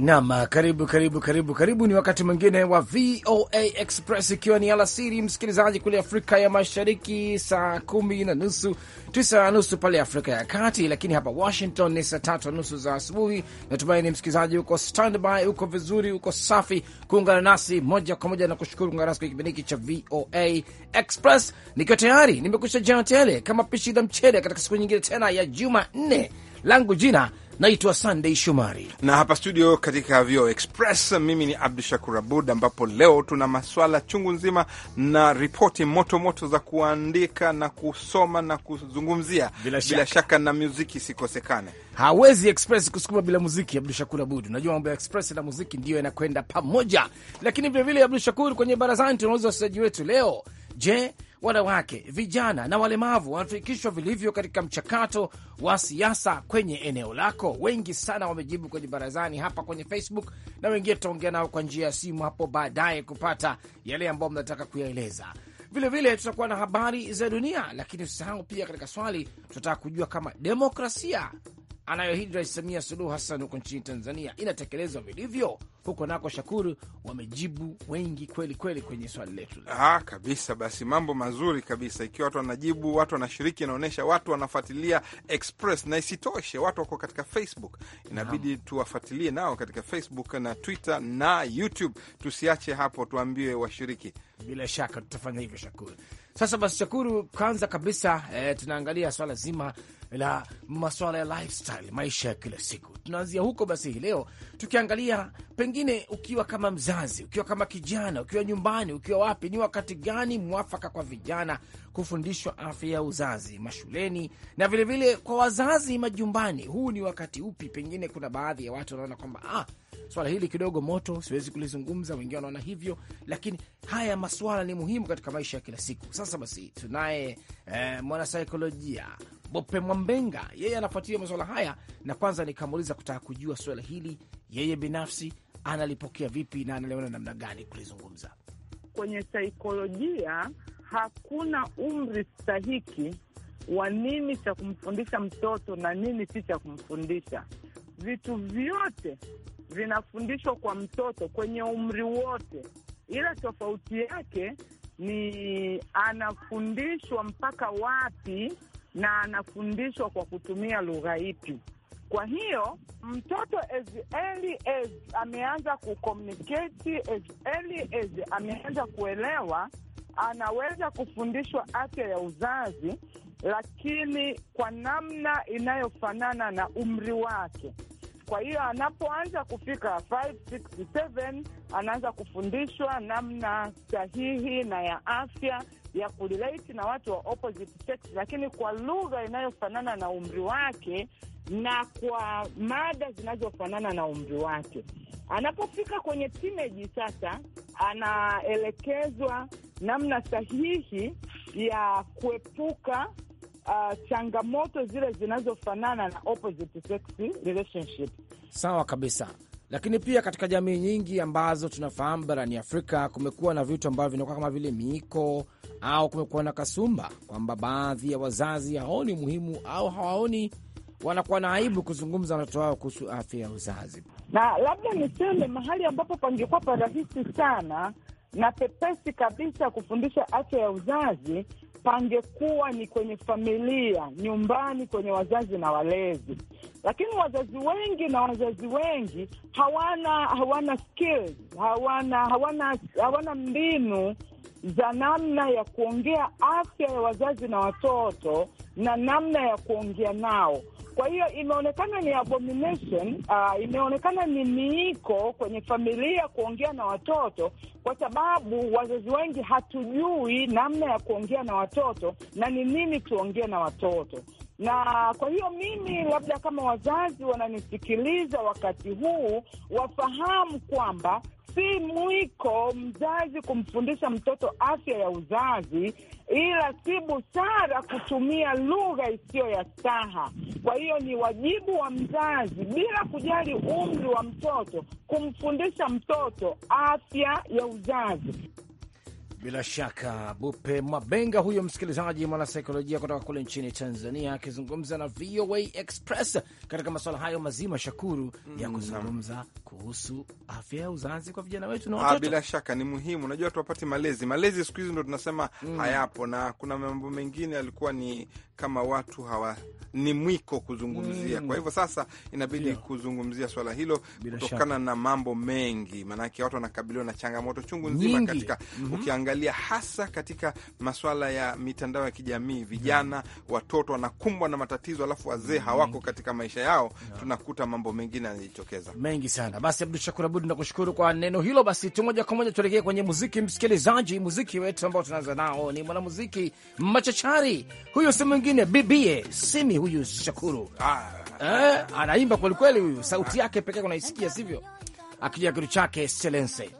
Nam, ah, karibu karibu karibu karibu. Ni wakati mwingine wa VOA Express, ikiwa ni alasiri, msikilizaji, kule Afrika ya Mashariki saa kumi na nusu tisa na nusu pale Afrika ya Kati, lakini hapa Washington ni saa tatu na nusu za asubuhi. natumai ni msikilizaji uko standby, uko vizuri, uko safi kuungana nasi moja kwa moja na kushukuru kuungana nasi kwenye kipindi hiki cha VOA Express, nikiwa tayari nimekusha jaa tele kama pishi la mchele katika siku nyingine tena ya Juma nne langu jina Naitwa Sunday Shumari na hapa studio katika VOA Express, mimi ni Abdu Shakur Abud, ambapo leo tuna maswala chungu nzima na ripoti motomoto za kuandika na kusoma na kuzungumzia bila shaka, bila shaka na muziki isikosekane. Hawezi Express kusukuma bila muziki, Abdu Shakur Abud. Unajua mambo ya Express na muziki ndiyo yanakwenda pamoja, lakini vilevile Abdu Shakur, kwenye barazani tunauliza wasikilizaji wetu leo, je, wanawake, vijana na walemavu wanafikishwa vilivyo katika mchakato wa siasa kwenye eneo lako? Wengi sana wamejibu kwenye barazani hapa kwenye Facebook, na wengine tutaongea nao kwa njia ya simu hapo baadaye kupata yale ambayo mnataka kuyaeleza. Vilevile tutakuwa na habari za dunia, lakini usisahau pia, katika swali tunataka kujua kama demokrasia anayoahidi Rais Samia Suluhu Hassan huko nchini Tanzania inatekelezwa vilivyo huko nako? Shakuru, wamejibu wengi kweli kweli kwenye swali letu ah, kabisa. Basi mambo mazuri kabisa, ikiwa watu wanajibu, watu wanashiriki, inaonyesha watu wanafuatilia Express na isitoshe, watu wako katika Facebook. Inabidi tuwafuatilie nao katika Facebook na Twitter na YouTube, tusiache hapo, tuambie washiriki. Bila shaka tutafanya hivyo, Shakuru. Sasa basi, Shakuru, kwanza kabisa eh, tunaangalia swala zima la masuala ya lifestyle, maisha ya kila siku. Tunaanzia huko basi hii leo tukiangalia, pengine ukiwa kama mzazi, ukiwa kama kijana, ukiwa nyumbani, ukiwa wapi, ni wakati gani mwafaka kwa vijana kufundishwa afya ya uzazi mashuleni na vilevile vile kwa wazazi majumbani. Huu ni wakati upi? Pengine kuna baadhi ya watu wanaona kwamba ah, swala hili kidogo moto, siwezi kulizungumza. Wengine wanaona hivyo, lakini haya maswala ni muhimu katika maisha ya kila siku. Sasa basi tunaye eh, mwanasaikolojia Bope Mwambenga, yeye anafuatilia maswala haya, na kwanza nikamuuliza kutaka kujua swala hili yeye binafsi analipokea vipi na analiona namna gani kulizungumza kwenye saikolojia hakuna umri stahiki wa nini cha kumfundisha mtoto na nini si cha kumfundisha. Vitu vyote vinafundishwa kwa mtoto kwenye umri wote, ila tofauti yake ni anafundishwa mpaka wapi na anafundishwa kwa kutumia lugha ipi. Kwa hiyo mtoto as early as ameanza kucommunicate, as early as ameanza kuelewa, anaweza kufundishwa afya ya uzazi, lakini kwa namna inayofanana na umri wake. Kwa hiyo anapoanza kufika 5, 6, 7 anaanza kufundishwa namna sahihi na ya afya ya kurelate na watu wa opposite sex, lakini kwa lugha inayofanana na umri wake na kwa mada zinazofanana na umri wake. Anapofika kwenye teenage sasa, anaelekezwa namna sahihi ya kuepuka uh, changamoto zile zinazofanana na opposite sex relationship. Sawa kabisa lakini pia katika jamii nyingi ambazo tunafahamu barani Afrika kumekuwa na vitu ambavyo vinakuwa kama vile miiko au kumekuwa na kasumba kwamba baadhi ya wazazi haoni muhimu au hawaoni wanakuwa na aibu kuzungumza watoto wao kuhusu afya ya uzazi. Na labda niseme mahali ambapo pangekuwa pa rahisi sana na pepesi kabisa kufundisha afya ya uzazi pangekuwa ni kwenye familia, nyumbani, kwenye wazazi na walezi. Lakini wazazi wengi na wazazi wengi hawana hawana skills, hawana hawana hawana mbinu za namna ya kuongea afya ya wazazi na watoto na namna ya kuongea nao. Kwa hiyo imeonekana ni abomination, uh, imeonekana ni miiko kwenye familia kuongea na watoto, kwa sababu wazazi wengi hatujui namna ya kuongea na watoto na ni nini tuongee na watoto na kwa hiyo mimi labda kama wazazi wananisikiliza wakati huu, wafahamu kwamba si mwiko mzazi kumfundisha mtoto afya ya uzazi, ila si busara kutumia lugha isiyo ya staha. Kwa hiyo ni wajibu wa mzazi, bila kujali umri wa mtoto, kumfundisha mtoto afya ya uzazi. Bila shaka Bupe Mabenga huyo msikilizaji, mwanasaikolojia kutoka kule nchini Tanzania, akizungumza na VOA Express katika masuala hayo mazima, Shakuru, mm, ya mm-hmm. kuzungumza kuhusu afya ya uzazi kwa vijana wetu na ah, watoto. Bila shaka ni muhimu, najua tuwapate malezi. Malezi siku hizi ndo tunasema mm, hayapo, na kuna mambo mengine yalikuwa ni kama watu hawa ni mwiko kuzungumzia. Mm. Kwa hivyo sasa inabidi Sio. kuzungumzia swala hilo kutokana na mambo mengi, maanake watu wanakabiliwa na changamoto chungu nzima katika mm -hmm. Ukiangalia hasa katika maswala ya mitandao ya kijamii, vijana yeah. Mhm. watoto wanakumbwa na matatizo, alafu wazee mhm. hawako katika maisha yao yeah. Tunakuta mambo mengine yanajitokeza mengi sana. Basi Abdu Shakur Abud, nakushukuru kwa neno hilo. Basi tu moja kwa moja tuelekee kwenye muziki, msikilizaji. Muziki wetu ambao tunaanza nao ni mwanamuziki machachari huyo, si mwingine mwingine bibie Simi huyu Shakuru ah, eh, anaimba kwelikweli huyu, sauti yake pekee unaisikia, sivyo? Akija kitu chake selense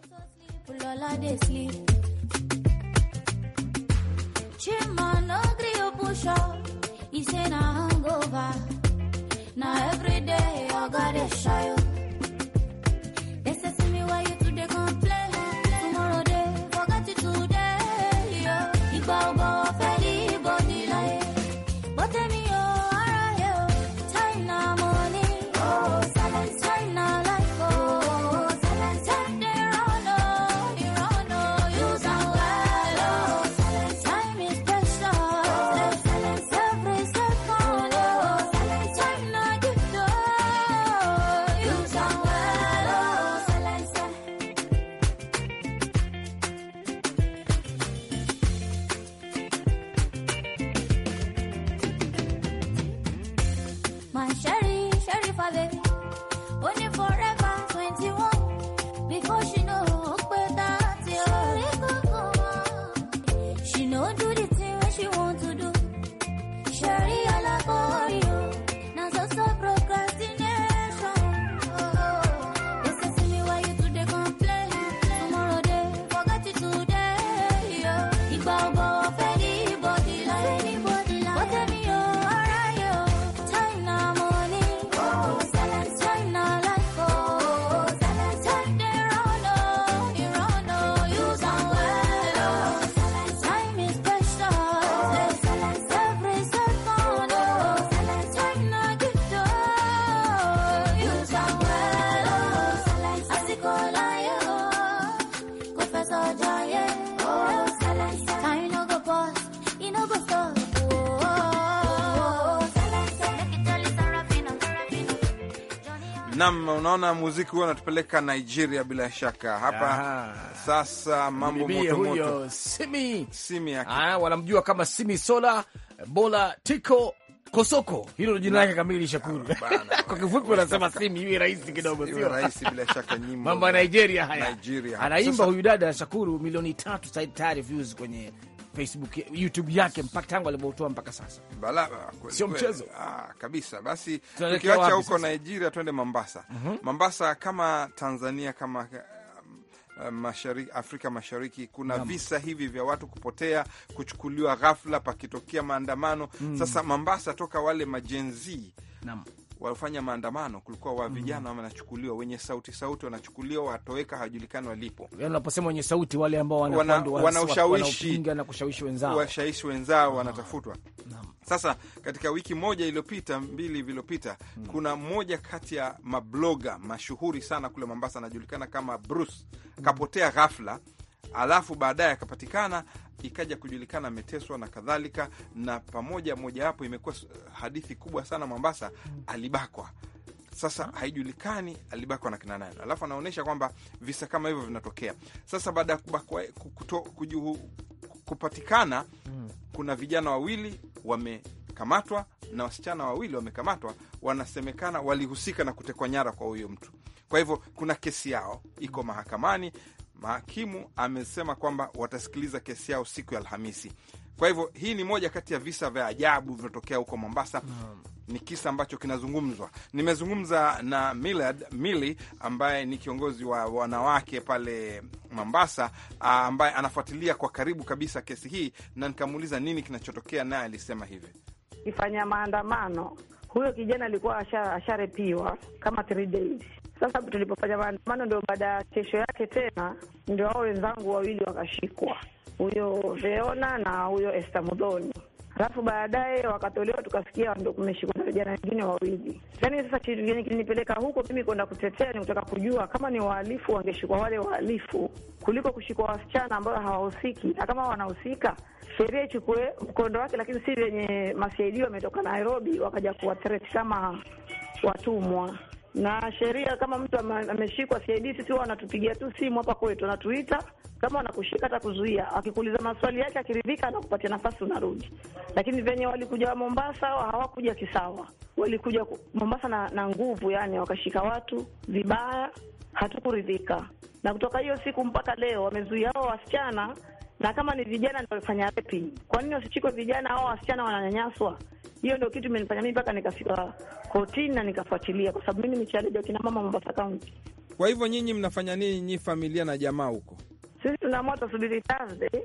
Nam, unaona muziki huo unatupeleka Nigeria bila shaka hapa. Aha. Sasa mambo moto moto. Simi. Simi yake. Ah, wanamjua kama Simi Sola Bola Tiko Kosoko, hilo jina lake kamili Shakuru. Kwa kifupi wanasema Simi, iwe rahisi kidogo, sio rahisi bila shaka nyimbo. Mambo ya Nigeria haya. Nigeria. Anaimba huyu dada Shakuru, milioni tatu tayari views kwenye Facebook, YouTube yake mpaka tangu alipotoa mpaka sasa, sio mchezo ah, kabisa. Basi tukiacha huko Nigeria, twende Mombasa. mm -hmm. Mombasa kama Tanzania kama eh, eh, Mashariki, Afrika Mashariki kuna Namu. visa hivi vya watu kupotea, kuchukuliwa ghafla pakitokea maandamano mm. Sasa Mombasa toka wale majenzi wafanya maandamano, kulikuwa wa mhm. vijana mm -hmm. wanachukuliwa, wenye sauti sauti wanachukuliwa, watoweka, hawajulikani walipo. Unaposema yaani wenye sauti, wale ambao wanaushawishi na kushawishi wenzao, washawishi wenzao wanatafutwa. Sasa katika wiki moja iliyopita, mbili vilopita, mm -hmm. kuna mmoja kati ya mabloga mashuhuri sana kule Mombasa, anajulikana kama Bruce, kapotea ghafla alafu baadaye akapatikana ikaja kujulikana ameteswa na kadhalika, na pamoja mojawapo imekuwa hadithi kubwa sana Mombasa, alibakwa. Sasa haijulikani alibakwa na kina nani, alafu anaonyesha kwamba visa kama hivyo vinatokea. Sasa baada ya kubakwa kupatikana, kuna vijana wawili wamekamatwa na wasichana wawili wamekamatwa, wanasemekana walihusika na kutekwa nyara kwa huyo mtu. Kwa hivyo kuna kesi yao iko mahakamani Mahakimu amesema kwamba watasikiliza kesi yao siku ya Alhamisi. Kwa hivyo hii ni moja kati ya visa vya ajabu vinatokea huko Mombasa mm. Ni kisa ambacho kinazungumzwa. Nimezungumza na Millard Mili ambaye ni kiongozi wa wanawake pale Mombasa, ambaye anafuatilia kwa karibu kabisa kesi hii, na nikamuuliza nini kinachotokea, naye alisema hivi: ifanya maandamano, huyo kijana alikuwa asharepiwa kama three days sasa tulipofanya maandamano, ndio baada ya kesho yake tena ndio hao wenzangu wawili wakashikwa, huyo Veona na huyo Esther Mudhoni. Alafu baadaye wakatolewa, tukasikia ndo kumeshikwa na vijana wengine wawili. Yaani yani sasa kitu kilinipeleka huko mimi kwenda kutetea, ni kutaka kujua kama ni wahalifu wangeshikwa wale wahalifu, kuliko kushikwa wasichana ambayo hawahusiki, na kama wanahusika sheria ichukue mkondo wake. Lakini si venye masiaidio wametoka Nairobi wakaja kuwatreti kama watumwa na sheria kama mtu ameshikwa CID, sisi huwa wanatupigia tu simu hapa kwetu, anatuita kama wanakushika, hata kuzuia akikuuliza maswali yake, akiridhika anakupatia nafasi unarudi. Lakini venye walikuja wa Mombasa hawakuja kisawa, walikuja Mombasa na, na nguvu, yani wakashika watu vibaya, hatukuridhika. Na kutoka hiyo siku mpaka leo wamezuia hao wasichana na kama ni vijana ndio walifanya wapi? kwa nini wasichukue vijana au wasichana wananyanyaswa? Hiyo ndio kitu imenifanya mimi mpaka nikafika kotini na nikafuatilia, kwa sababu mimi ni challenge ya kina mama Mombasa County. Kwa hivyo nyinyi mnafanya nini, nyinyi familia na jamaa huko? Sisi tunaamua tusubiri Thursday,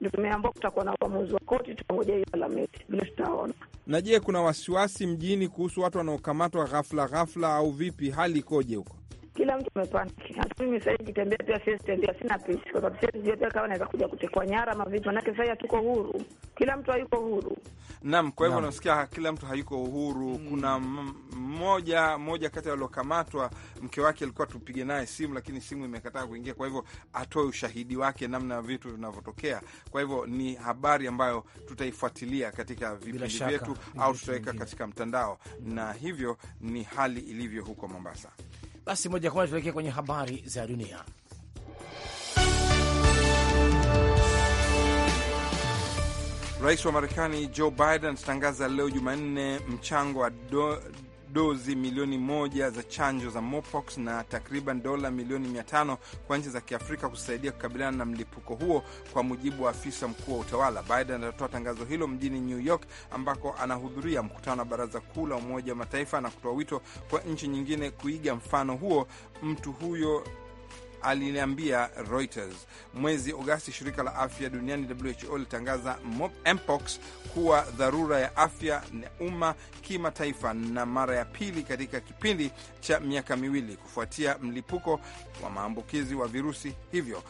ndio tumeambiwa kutakuwa na uamuzi wa koti, tutangoja hiyo Alhamisi vile tutaona. Na je, kuna wasiwasi mjini kuhusu watu wanaokamatwa ghafla ghafla au vipi? Hali ikoje huko? kila mtu amepanda. Mimi sasa nikitembea pia siwezi tembea, sina pesa, kwa sababu siwezi pia kama naweza kuja kutekwa nyara ama vipi, manake sasa hatuko huru, kila mtu hayuko huru. Naam, kwa hivyo unasikia kila mtu hayuko huru. Mm. Kuna mmoja mmoja kati ya waliokamatwa, mke wake alikuwa tupige naye simu, lakini simu imekataa kuingia, kwa hivyo atoe ushahidi wake namna vitu vinavyotokea. Kwa hivyo ni habari ambayo tutaifuatilia katika vipindi vyetu au tutaweka katika mtandao, na hivyo ni hali ilivyo huko Mombasa. Basi moja kwa moja tuelekea kwenye habari za dunia. Rais wa Marekani Joe Biden atatangaza leo Jumanne mchango wa do dozi milioni moja za chanjo za mopox na takriban dola milioni mia tano kwa nchi za Kiafrika kusaidia kukabiliana na mlipuko huo, kwa mujibu wa afisa mkuu wa utawala. Biden atatoa tangazo hilo mjini New York ambako anahudhuria mkutano wa Baraza Kuu la Umoja wa Mataifa na kutoa wito kwa nchi nyingine kuiga mfano huo. Mtu huyo aliliambia Reuters. Mwezi Agosti, shirika la afya duniani WHO litangaza mpox kuwa dharura ya afya ya umma kimataifa na mara ya pili katika kipindi cha miaka miwili kufuatia mlipuko wa maambukizi wa virusi hivyo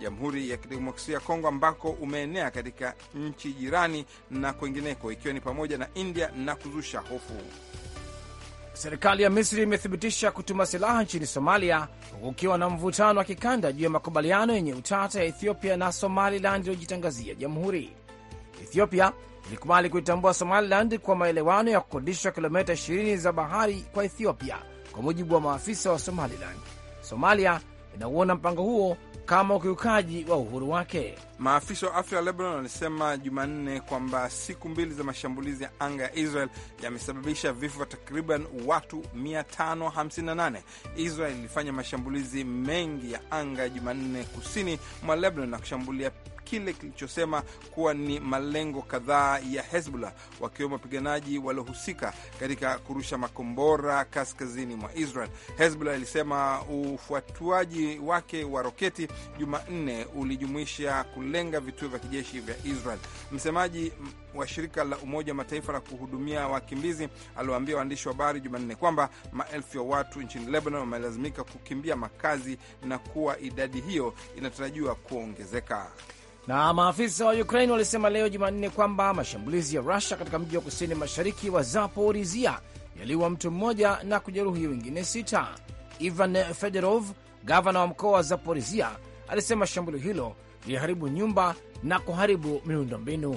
Jamhuri ya Kidemokrasia ya Kongo ambako umeenea katika nchi jirani na kwengineko ikiwa ni pamoja na India na kuzusha hofu. Serikali ya Misri imethibitisha kutuma silaha nchini Somalia, huku ukiwa na mvutano wa kikanda juu ya makubaliano yenye utata ya Ethiopia na Somaliland iliyojitangazia jamhuri. Ethiopia ilikubali kuitambua Somaliland kwa maelewano ya kukodishwa kilomita 20 za bahari kwa Ethiopia, kwa mujibu wa maafisa wa Somaliland. Somalia inauona mpango huo kama ukiukaji wa uhuru wake. Maafisa wa afya wa Lebanon walisema Jumanne kwamba siku mbili za mashambulizi ya anga ya Israel yamesababisha vifo vya takriban watu 558. Israel ilifanya mashambulizi mengi ya anga Jumanne kusini mwa Lebanon na kushambulia kile kilichosema kuwa ni malengo kadhaa ya Hezbollah, wakiwemo wapiganaji waliohusika katika kurusha makombora kaskazini mwa Israel. Hezbollah ilisema ufuatuaji wake wa roketi Jumanne ulijumuisha kulenga vituo vya kijeshi vya Israel. Msemaji wa shirika la Umoja wa Mataifa la kuhudumia wakimbizi aliwaambia waandishi wa habari Jumanne kwamba maelfu ya watu nchini Lebanon wamelazimika kukimbia makazi na kuwa idadi hiyo inatarajiwa kuongezeka. Na maafisa wa Ukraine walisema leo Jumanne kwamba mashambulizi ya Rusia katika mji wa kusini mashariki wa Zaporizia yaliua mtu mmoja na kujeruhi wengine sita. Ivan Fedorov, gavana wa mkoa wa Zaporizia, alisema shambulio hilo liliharibu nyumba na kuharibu miundombinu.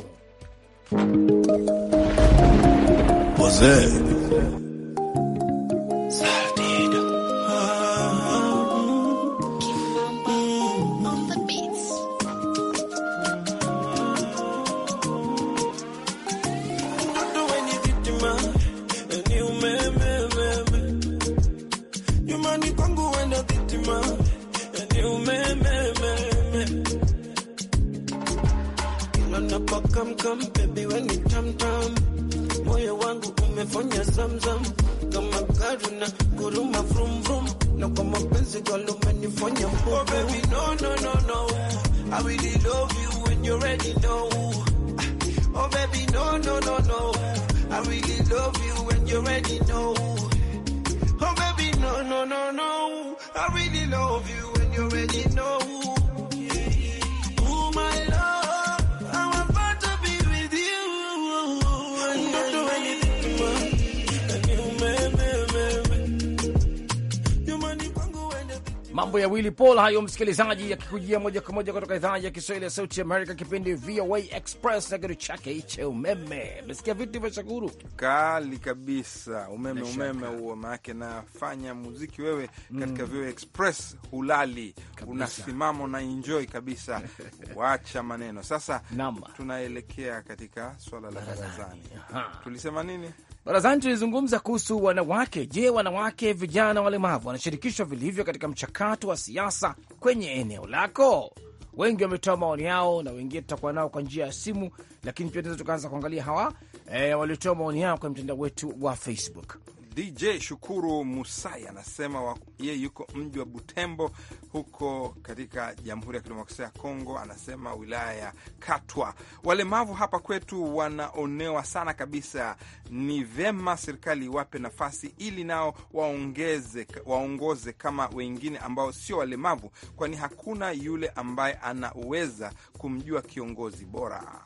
zamzam kama kuruma vrum vrum, na kwa mapenzi oh baby no no no no I really love you when you already know oh baby no no no no I really love you and you already know oh baby no no no no I really love you and you already know Mambo ya Willy Paul hayo, msikilizaji, yakikujia moja kwa moja kutoka idhaa ya Kiswahili ya Sauti Amerika, kipindi VOA Express na kitu chake hiche umeme. mesikia vitu vya Shakuru kali kabisa, umeme na umeme huo, maake nafanya muziki wewe katika mm. VOA Express hulali kabisa. Unasimama na enjoy kabisa wacha maneno sasa, Nama. tunaelekea katika swala la barazani, tulisema nini? Barazani tulizungumza kuhusu wanawake. Je, wanawake, vijana, walemavu wanashirikishwa vilivyo katika mchakato wa siasa kwenye eneo lako? Wengi wametoa maoni yao, na wengine tutakuwa nao kwa njia ya simu, lakini pia tunaweza tukaanza kuangalia hawa e, eh, waliotoa maoni yao kwenye mtandao wetu wa Facebook. DJ Shukuru Musai anasema yeye yuko mji wa Butembo huko katika Jamhuri ya Kidemokrasia ya Kongo, anasema wilaya ya Katwa. Walemavu hapa kwetu wanaonewa sana kabisa, ni vyema serikali iwape nafasi ili nao waongeze, waongoze kama wengine ambao sio walemavu, kwani hakuna yule ambaye anaweza kumjua kiongozi bora.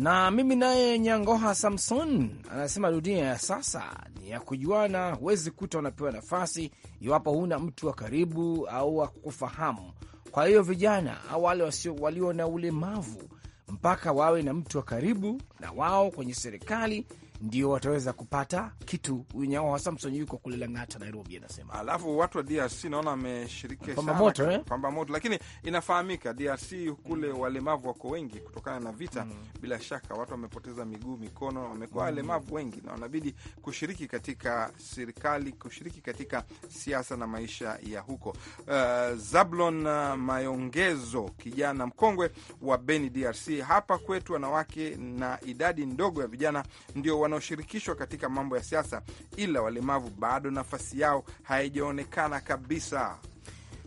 Na mimi naye Nyangoha Samson anasema dunia ya sasa ni ya kujuana, huwezi kuta unapewa nafasi iwapo huna mtu wa karibu au wa kufahamu. Kwa hiyo vijana au wale wasio walio na ulemavu mpaka wawe na mtu wa karibu na wao kwenye serikali ndio wataweza kupata kitu. Unyaoha Samson yuko kule Lang'ata, Nairobi, anasema. Alafu watu wa DRC naona wameshiriki pamba moto, eh? Pamba moto, lakini inafahamika DRC kule mm. walemavu wako wengi kutokana na vita mm. Bila shaka watu wamepoteza miguu, mikono, wamekuwa mm. walemavu mm. wengi, na wanabidi kushiriki katika serikali, kushiriki katika siasa na maisha ya huko. Uh, Zablon Mayongezo, kijana mkongwe wa Beni, DRC: hapa kwetu wanawake na idadi ndogo ya vijana ndio wanaoshirikishwa katika mambo ya siasa, ila walemavu bado nafasi yao haijaonekana kabisa.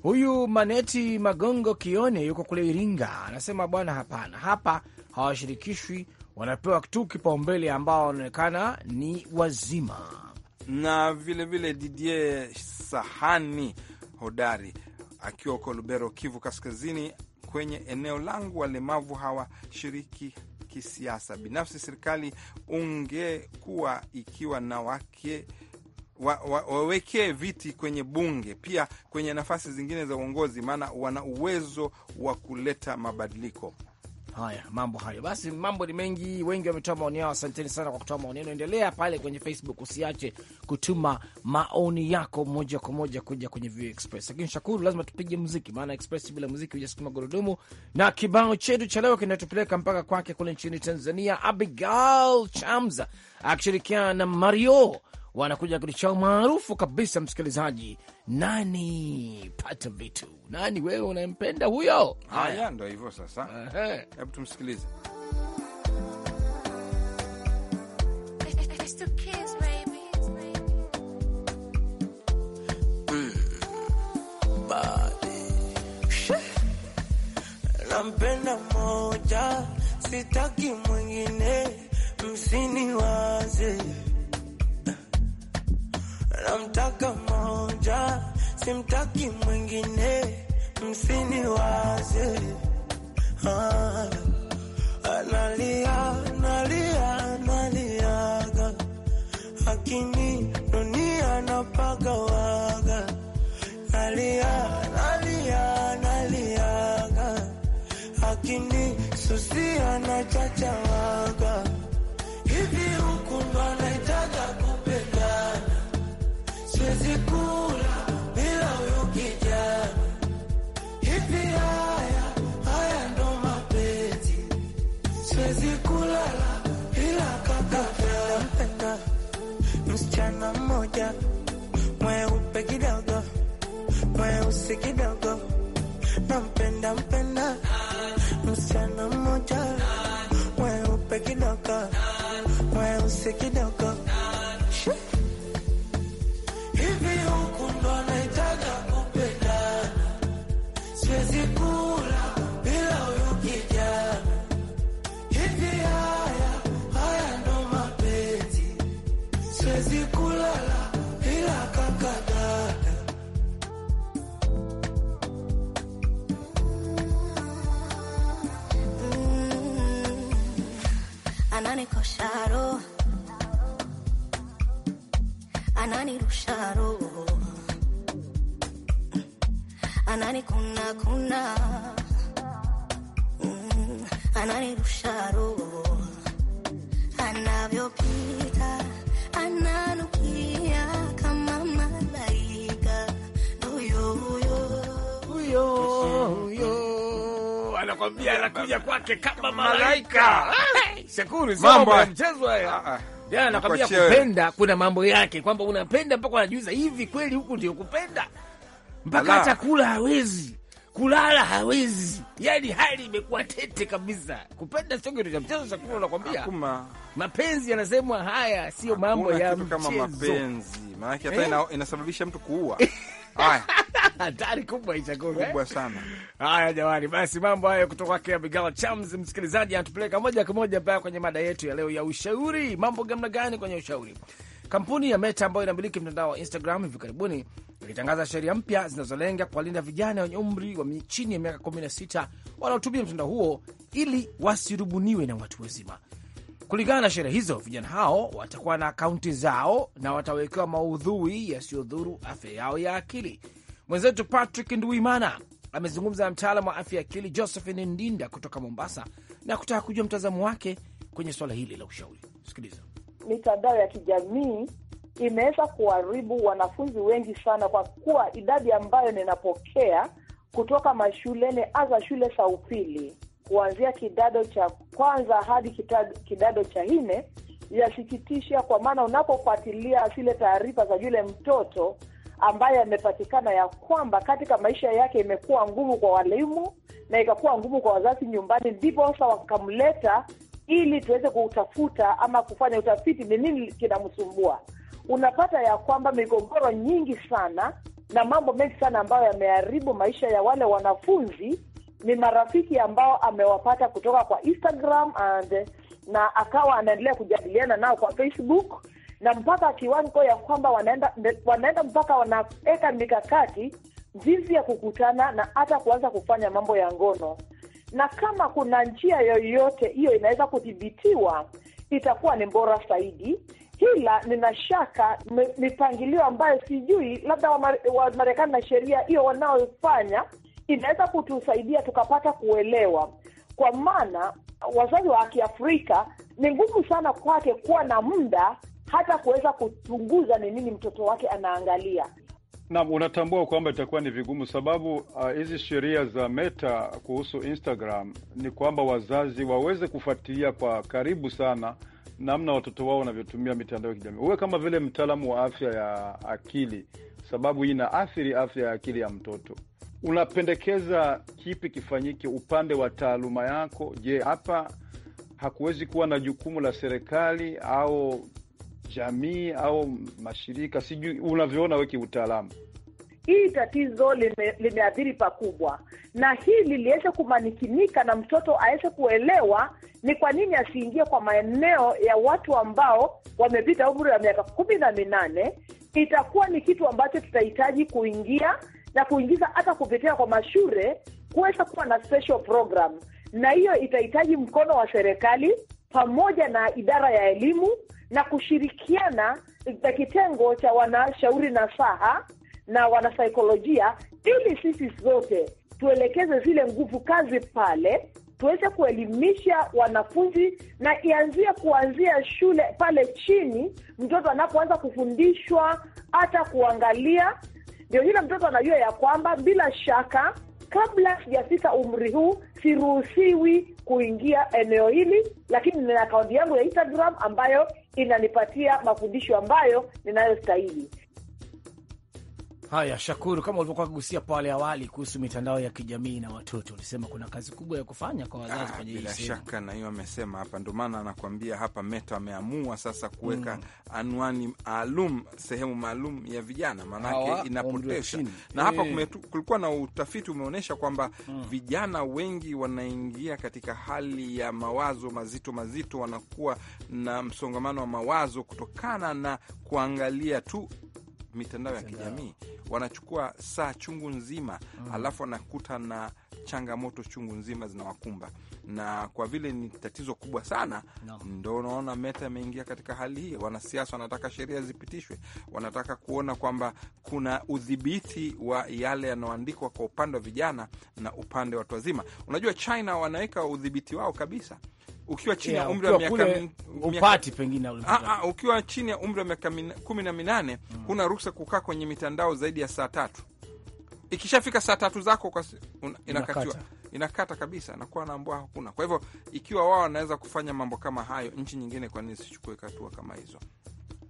Huyu Maneti Magongo Kione yuko kule Iringa, anasema bwana, hapana, hapa hawashirikishwi, wanapewa tu kipaumbele ambao wanaonekana ni wazima. Na vilevile vile Didier Sahani hodari akiwa uko Lubero, Kivu Kaskazini, kwenye eneo langu walemavu hawashiriki kisiasa. Binafsi, serikali ungekuwa ikiwa na wake wa, wa, wawekee viti kwenye bunge pia kwenye nafasi zingine za uongozi, maana wana uwezo wa kuleta mabadiliko. Haya, mambo hayo basi, mambo ni mengi, wengi wametoa maoni yao. Asanteni sana kwa kutoa maoni yenu, endelea pale kwenye Facebook, usiache kutuma maoni yako moja kwa moja kuja kwenye View Express. Lakini Shakuru, lazima tupige muziki, maana Express bila muziki hujasukuma gurudumu, na kibao chetu cha leo kinatupeleka mpaka kwake kule nchini Tanzania, Abigail Chamza akishirikiana na Mario wanakuja kitu chao maarufu kabisa, msikilizaji, nani pata vitu, nani wewe unampenda huyo. Haya, ndo hivyo sasa. Hebu tumsikilize. Nampenda moja, sitaki mwingine, msiniwaze simtaki mwingine, msini waze ah, analia analia analiaga, lakini dunia napagawaga, nalia nalia naliaga, lakini susia na waga hivi huku ndo kiasi kidogo, nampenda mpenda msichana mmoja, weupe kidogo, weusi kidogo anani kuna kuna mm, ananirusha roho anavyopita ananukia kama malaika huyo huyo huyo anakwambia anakuja kwake kama malaika. Ah, Shukuru mambo ya mchezo haya. Ah, ah. Anakwambia kupenda kuna mambo yake kwamba unapenda mpaka unajiuliza hivi kweli huku ndio kupenda mpaka hata kula hawezi kulala hawezi, yani hali imekuwa tete kabisa. Kupenda sio kitu cha mchezo, chakula nakwambia. Mapenzi yanasemwa haya sio mambo ya mchezo kama mapenzi, maanake hata eh, inasababisha mtu kuua haya hatari kubwa eh? kubwa sana. Haya jamani, basi mambo hayo kutoka kwake Abigail Chams, msikilizaji, anatupeleka moja kwa moja mpaka kwenye mada yetu ya leo ya ushauri. Mambo gamna gani kwenye ushauri? Kampuni ya Meta ambayo inamiliki mtandao wa Instagram hivi karibuni ilitangaza sheria mpya zinazolenga kuwalinda vijana wenye umri wa chini ya miaka 16 wanaotumia mtandao huo ili wasirubuniwe na watu wazima. Kulingana na sheria hizo, vijana hao watakuwa na akaunti zao na watawekewa maudhui yasiyodhuru afya yao ya akili. Mwenzetu Patrick Nduimana amezungumza na mtaalamu wa afya ya akili Josephine Ndinda kutoka Mombasa na kutaka kujua mtazamo wake kwenye swala hili la ushauri. Sikiliza mitandao ya kijamii imeweza kuharibu wanafunzi wengi sana, kwa kuwa idadi ambayo ninapokea kutoka mashuleni, hasa shule za upili, kuanzia kidato cha kwanza hadi kidato cha nne, yasikitisha, kwa maana unapofuatilia zile taarifa za yule mtoto ambaye amepatikana ya kwamba katika maisha yake imekuwa ngumu kwa walimu na ikakuwa ngumu kwa wazazi nyumbani, ndipo sasa wakamleta ili tuweze kutafuta ama kufanya utafiti ni nini kinamsumbua. Unapata ya kwamba migogoro nyingi sana na mambo mengi sana ambayo yameharibu maisha ya wale wanafunzi ni marafiki ambao amewapata kutoka kwa Instagram and na akawa anaendelea kujadiliana nao kwa Facebook na mpaka kiwango ya kwamba wanaenda wanaenda mpaka wanaweka mikakati jinsi ya kukutana na hata kuanza kufanya mambo ya ngono na kama kuna njia yoyote hiyo inaweza kudhibitiwa, itakuwa ni bora zaidi. Hila nina shaka mipangilio ambayo sijui, labda Wamarekani na sheria hiyo wanaofanya inaweza kutusaidia tukapata kuelewa, kwa maana wazazi wa Kiafrika ni ngumu sana kwake kuwa na muda hata kuweza kuchunguza ni nini mtoto wake anaangalia. Naam, unatambua kwamba itakuwa ni vigumu sababu ah, hizi uh, sheria za Meta kuhusu Instagram ni kwamba wazazi waweze kufuatilia kwa karibu sana namna watoto wao wanavyotumia mitandao ya kijamii. Uwe kama vile mtaalamu wa afya ya akili, sababu hii athiri afya ya akili ya mtoto. Unapendekeza kipi kifanyike upande wa taaluma yako? Je, hapa hakuwezi kuwa na jukumu la serikali au jamii au mashirika, sijui unavyoona we kiutaalamu? Hii tatizo lime, limeathiri pakubwa, na hili liweze kumanikinika na mtoto aweze kuelewa ni kwa nini asiingie kwa maeneo ya watu ambao wamepita umri wa miaka kumi na minane. Itakuwa ni kitu ambacho tutahitaji kuingia na kuingiza hata kupitia kwa mashule kuweza kuwa na special program, na hiyo itahitaji mkono wa serikali pamoja na idara ya elimu na kushirikiana na kitengo cha wanashauri nasaha na wanasaikolojia, ili sisi zote tuelekeze zile nguvu kazi pale tuweze kuelimisha wanafunzi na ianzie kuanzia shule pale chini, mtoto anapoanza kufundishwa hata kuangalia, ndio hilo mtoto anajua ya kwamba bila shaka kabla sijafika umri huu siruhusiwi kuingia eneo hili, lakini nina akaunti yangu ya Instagram ambayo inanipatia mafundisho ambayo ninayostahili. Haya, Shakuru, kama ulivyokuwa kugusia pale awali kuhusu mitandao ya kijamii na watoto, ulisema kuna kazi kubwa ya kufanya kwa wazazi ah, kwenye hii. shaka, na hiyo amesema hapa, ndio maana anakuambia hapa Meta ameamua sasa kuweka mm. anwani maalum, sehemu maalum ya vijana, maanake inapotesha na hapa e. kulikuwa na utafiti umeonyesha kwamba mm. vijana wengi wanaingia katika hali ya mawazo mazito mazito, wanakuwa na msongamano wa mawazo kutokana na kuangalia tu mitandao ya kijamii wanachukua saa chungu nzima mm. alafu wanakuta na changamoto chungu nzima zinawakumba, na kwa vile ni tatizo kubwa sana no. Ndo unaona Meta ameingia katika hali hii. Wanasiasa wanataka sheria zipitishwe, wanataka kuona kwamba kuna udhibiti wa yale yanayoandikwa kwa upande wa vijana na upande wa watu wazima. Unajua China wanaweka udhibiti wao kabisa ukiwa chini ya umri wa miaka upati pengine ukiwa chini ya umri wa miaka kumi na minane mm. huna ruhusa kukaa kwenye mitandao zaidi ya saa tatu. Ikishafika saa tatu zako kwa, inakatiwa inakata kabisa, nakuwa na ambao hakuna. Kwa hivyo ikiwa wao wanaweza kufanya mambo kama hayo, nchi nyingine, kwa nini sichukue hatua kama hizo?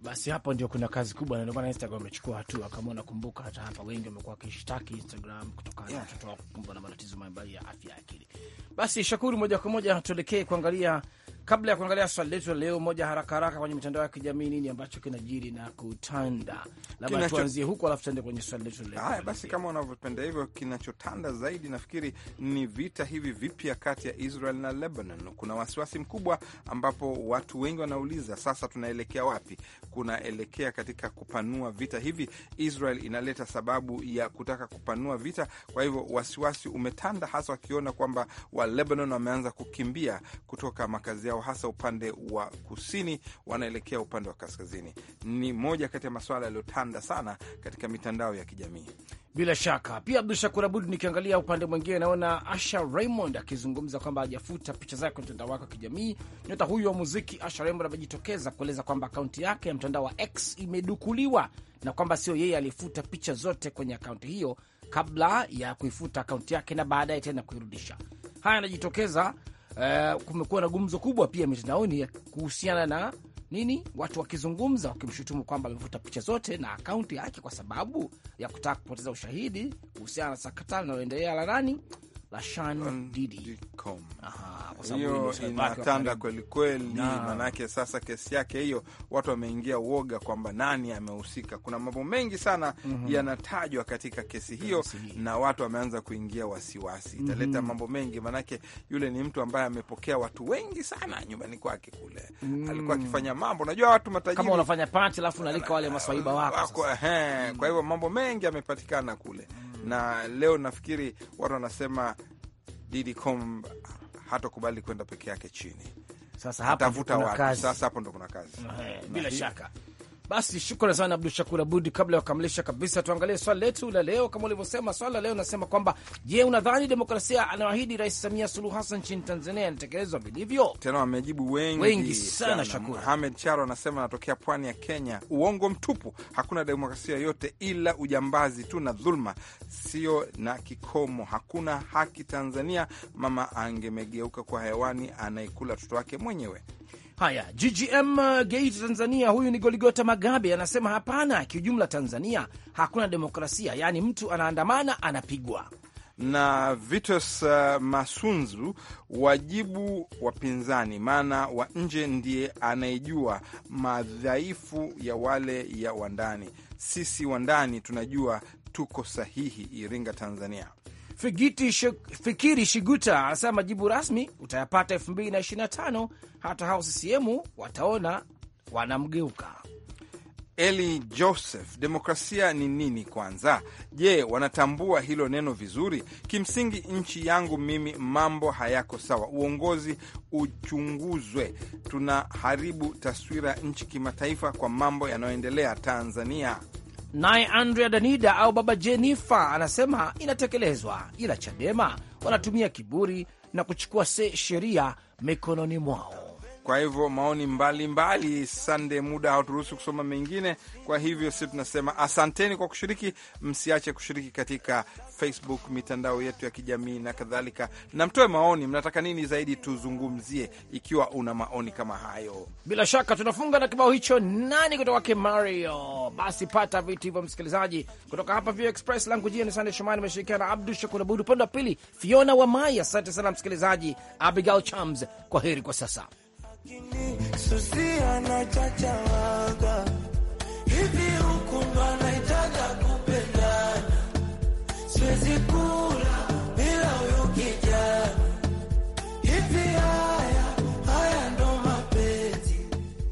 Basi hapo ndio kuna kazi kubwa, na ndio maana Instagram amechukua hatua. Kama unakumbuka, hata hapa wengi wamekuwa wakishtaki Instagram kutokana na watoto wao kukumbwa na matatizo mbalimbali ya afya ya akili. Basi Shakuru, moja kwa moja tuelekee kuangalia Kabla ya kuangalia swali letu leo moja, haraka haraka kwenye mitandao ya kijamii, nini ambacho kinajiri na kutanda? Labda tuanzie huko, alafu tuende kwenye swali letu leo. Haya basi, kama unavyopenda hivyo, kinachotanda zaidi nafikiri ni vita hivi vipya kati ya Israel na Lebanon. Kuna wasiwasi mkubwa, ambapo watu wengi wanauliza sasa, tunaelekea wapi? Kunaelekea katika kupanua vita hivi. Israel inaleta sababu ya kutaka kupanua vita, kwa hivyo wasiwasi umetanda, hasa wakiona kwamba wa Lebanon wameanza kukimbia kutoka makazi yao hasa upande wa kusini, wanaelekea upande wa kaskazini. Ni moja kati ya masuala yaliyotanda sana katika mitandao ya kijamii. Bila shaka pia Abdu Shakur Abud, nikiangalia upande mwingine, naona Asha Raymond akizungumza kwamba hajafuta picha zake kwenye mtandao wake wa kijamii. Nyota huyu wa muziki Asha Raymond amejitokeza kueleza kwamba akaunti yake ya mtandao wa X imedukuliwa na kwamba sio yeye aliyefuta picha zote kwenye akaunti hiyo kabla ya kuifuta akaunti yake na baadaye tena kuirudisha. Haya anajitokeza uh, kumekuwa na gumzo kubwa pia mitandaoni kuhusiana na nini, watu wakizungumza wakimshutumu kwamba amevuta picha zote na akaunti yake kwa sababu ya kutaka kupoteza ushahidi kuhusiana na sakata linaloendelea la nani hiyo inatanda kweli kweli, manake sasa kesi yake hiyo, watu wameingia uoga kwamba nani amehusika. Kuna mambo mengi sana mm -hmm. yanatajwa katika kesi hiyo mm, na watu wameanza kuingia wasiwasi, italeta mm -hmm. mambo mengi, manake yule ni mtu ambaye amepokea watu wengi sana nyumbani kwake kule mm, alikuwa akifanya mambo, najua watu matajiri kama unafanya pati, alafu nalika wale maswahiba wako, kwa mm. hivyo mambo mengi yamepatikana kule mm na leo nafikiri watu wanasema Didi Com hatakubali kwenda peke yake chini. Sasa hapo ndo kuna kazi, eh, bila shaka basi shukran sana Abdu Shakur Abud. Kabla ya kukamilisha kabisa, tuangalie swali letu la leo. Kama ulivyosema, swali la leo nasema kwamba je, unadhani demokrasia anayoahidi Rais Samia Suluhu Hassan nchini Tanzania anatekelezwa vilivyo? Tena wamejibu wengi, wengi sana. Shakur Hamed Charo anasema anatokea pwani ya Kenya, uongo mtupu, hakuna demokrasia yote ila ujambazi tu na dhulma sio na kikomo. Hakuna haki Tanzania, mama angemegeuka kwa hewani anayekula watoto wake mwenyewe. Haya, GGM uh, Gate Tanzania, huyu ni Goligota Magabe anasema hapana, kiujumla Tanzania hakuna demokrasia, yaani mtu anaandamana anapigwa na Vitus uh, Masunzu wajibu wapinzani, maana wa nje ndiye anayejua madhaifu ya wale ya wandani. Sisi wandani tunajua tuko sahihi. Iringa, Tanzania. Fikiri Shiguta anasema majibu rasmi utayapata 2025 hata hao CCM wataona wanamgeuka. Eli Joseph, demokrasia ni nini kwanza? Je, wanatambua hilo neno vizuri? Kimsingi nchi yangu mimi, mambo hayako sawa, uongozi uchunguzwe. Tunaharibu taswira nchi kimataifa kwa mambo yanayoendelea Tanzania. Naye Andrea Danida au Baba Jenifa anasema inatekelezwa, ila Chadema wanatumia kiburi na kuchukua sheria mikononi mwao. Kwa hivyo maoni mbalimbali mbali, sande, muda hauturuhusu kusoma mengine. Kwa hivyo sisi tunasema asanteni kwa kushiriki, msiache kushiriki katika Facebook, mitandao yetu ya kijamii na kadhalika, na mtoe maoni, mnataka nini zaidi tuzungumzie, ikiwa una maoni kama hayo. Bila shaka tunafunga na kibao hicho nani kutoka kwake Mario. Basi pata vitu hivyo, msikilizaji, kutoka hapa Vio Express langu jia ni Sande Shomani, ameshirikiana na Abdu Shakur Abud upande wa pili Fiona Wamai. Asante sana msikilizaji Abigail Chams, kwa heri kwa sasa. Susia na waga